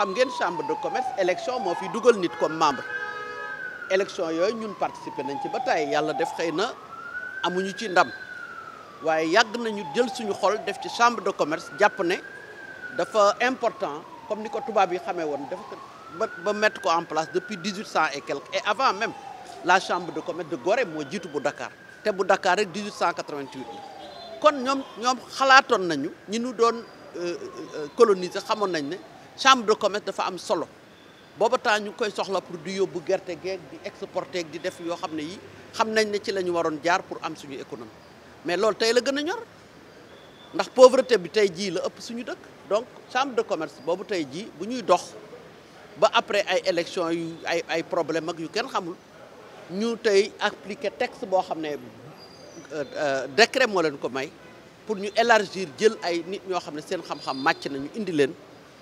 xam ngeen chambre de commerce élection moo fi dugal nit comme membre élection yooyu ñun participer nañ ci ba tey yàlla def xëy na amuñu ci ndam waaye yàgg nañu jël suñu xol def ci chambre de commerce japonais. ne dafa important comme Nico ko tubaab yi xamee dafa mettre en place depuis 1800 et quelques, et avant même la chambre de commerce de Gorée moo jiitu bu Dakar te bu Dakar rek 1888. huit nous quatre nous avons, la kon ñoom nous, xalaatoon nañu ñi euh, euh, euh, coloniser xamoon nañ ne. chambre de commerce dafa am solo booba temps ñu koy soxla pour di yóbbu gerte geeg di exporter di def yoo xam ne yi xam nañ ne ci la ñu waroon jaar pour am suñu économie mais loolu tey la gën a ñor ndax pauvreté bi tey jii la ëpp suñu dëkk donc chambre de commerce boobu tey jii bu ñuy dox ba après ay élection yu ay ay problème ak yu kenn xamul ñu tey appliquer texte boo xam ne euh, euh, décret moo leen ko may pour ñu élargir jël ay nit ñoo xam ne seen xam-xam màcc nañu indi leen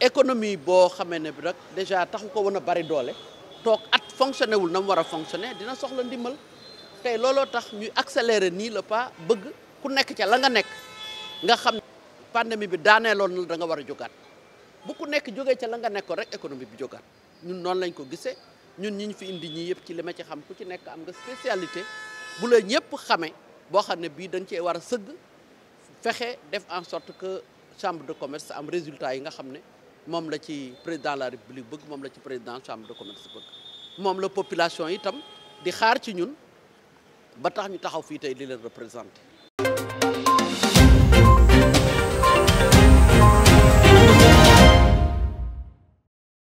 économie boo xamee ne bi rek déjà taxu ko woon a bari doole toog at fonctionné wul na mu war a fonctionné dina soxla ndimal tey looloo tax ñuy accélérer nii la pas bëgg ku nekk ca la nga nekk nga xam pandémie bi daaneeloon na da nga war a jógaat bu ku nekk jógee ca la nga nekkoon rek économie bi jógaat ñun noonu lañ ko gisee ñun ñi ñu fi indi ñii yëpp ci li ma ci xam ku ci nekk am nga spécialité bu la ñëpp xamee boo xam ne bii dañ cee war a sëgg fexe def en sorte que chambre de commerce am résultat yi nga xam ne Même la président de la république bëgg le président de la chambre de commerce bëgg la population itam di xaar ci ñun ba tax ñu représenter